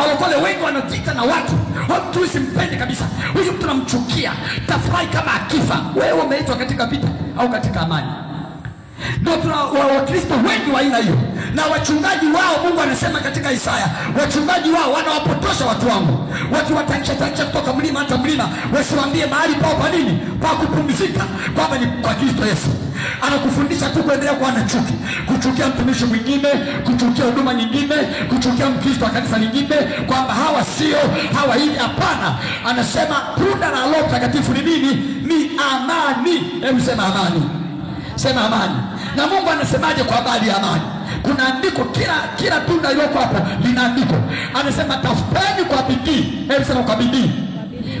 walokole wengi wanavita na watu. Huyu mtu simpendi kabisa, huyu mtu namchukia, tafurahi kama akifa. Wewe umeitwa katika vita au katika amani? Ndio tuna Wakristo wengi wa aina hiyo, na wachungaji wao, Mungu anasema katika Isaya, wachungaji wao wanawapotosha watu wangu, wakiwatanisha tanisha kutoka mlima hata mlima, wasiwaambie mahali pao pa nini pa kupumzika, kwamba ni kwa Kristo Yesu anakufundisha tu kuendelea kuwa na chuki, kuchukia mtumishi mwingine, kuchukia huduma nyingine, kuchukia mkristo wa kanisa lingine, kwamba hawa sio hawa hivi. Hapana, anasema tunda la Roho Mtakatifu ni nini? Ni amani. Hebu sema amani, sema amani. Na Mungu anasemaje kwa habari ya amani? Kuna andiko, kila kila tunda iliyoko hapo lina andiko. Anasema tafuteni kwa bidii. Hebu sema kwa bidii,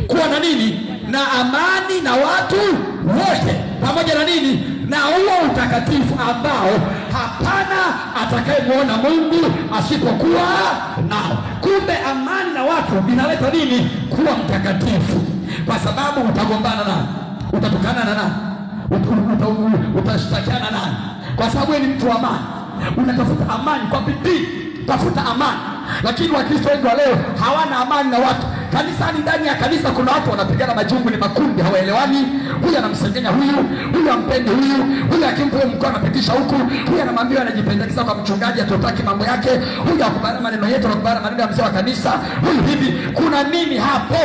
kuwa na nini? Na amani na watu wote, pamoja na nini na huo utakatifu ambao hapana atakayemwona Mungu asipokuwa nao. Kumbe amani na watu vinaleta nini? Kuwa mtakatifu, kwa sababu utagombana nani? Utatukana na nani? Utashtakiana uta, uta nani? Kwa sababu ni mtu wa amani, unatafuta amani kwa bidii, tafuta amani. Lakini Wakristo wengi wa leo hawana amani na watu kanisani, ndani ya kanisa kuna watu wanapigana majungu, ni makundi, hawaelewani. Huyu anamsengenya huyu, huyu ampendi huyu, huyu akimpa huyo mkono anapitisha huku, huyu anamwambia, anajipendekeza kwa mchungaji, atotaki mambo yake, huyu akubali maneno yetu, anakubali maneno ya mzee wa kanisa, huyu hivi. Kuna nini hapo?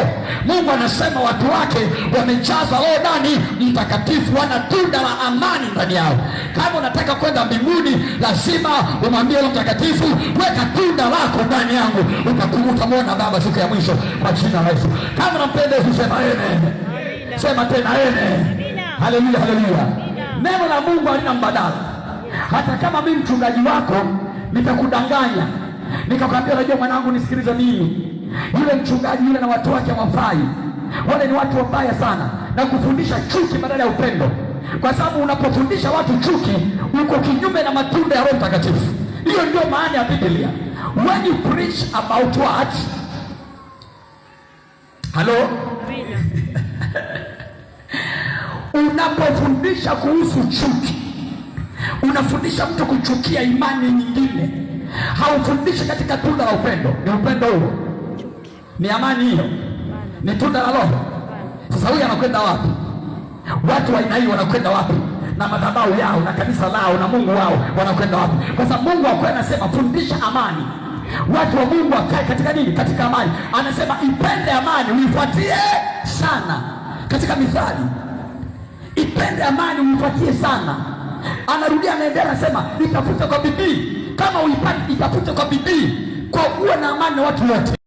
Mungu anasema watu wake wamejaza Roho ndani Mtakatifu, wana tunda la amani ndani yao. Kama unataka kwenda mbinguni, lazima umwambie Roho Mtakatifu, weka tunda lako ndani yangu, utakumbuka mwana Baba siku ya mwisho kwa jina la Yesu. Kama unampenda Yesu sema amen. Sema tena amen. Haleluya, haleluya. Neno la Mungu halina mbadala. Hata kama mimi mchungaji wako nitakudanganya nikakwambia, unajua mwanangu, nisikilize mimi, yule mchungaji yule na watu wake wafai wale ni watu wabaya sana, na kufundisha chuki badala ya upendo, kwa sababu unapofundisha watu chuki uko kinyume na matunda ya Roho Mtakatifu. Hiyo ndio maana ya Biblia, when you preach about what Halo, unapofundisha kuhusu chuki, unafundisha mtu kuchukia imani nyingine, haufundishi katika tunda la upendo. Ni upendo huo, ni amani hiyo, ni tunda la Roho. Sasa huyu anakwenda wapi? Watu wa aina hii wanakwenda wapi? na madhabahu yao na kanisa lao na Mungu wao wanakwenda wapi? Kwa sababu Mungu akuwa anasema fundisha amani watu wa Mungu wakae katika nini? Katika amani. Anasema ipende amani uifuatie sana, katika Mithali ipende amani uifuatie sana. Anarudia, anaendelea, anasema itafute kwa bidii, kama uipate itafute kwa bidii, kwa uwe na amani na watu wote.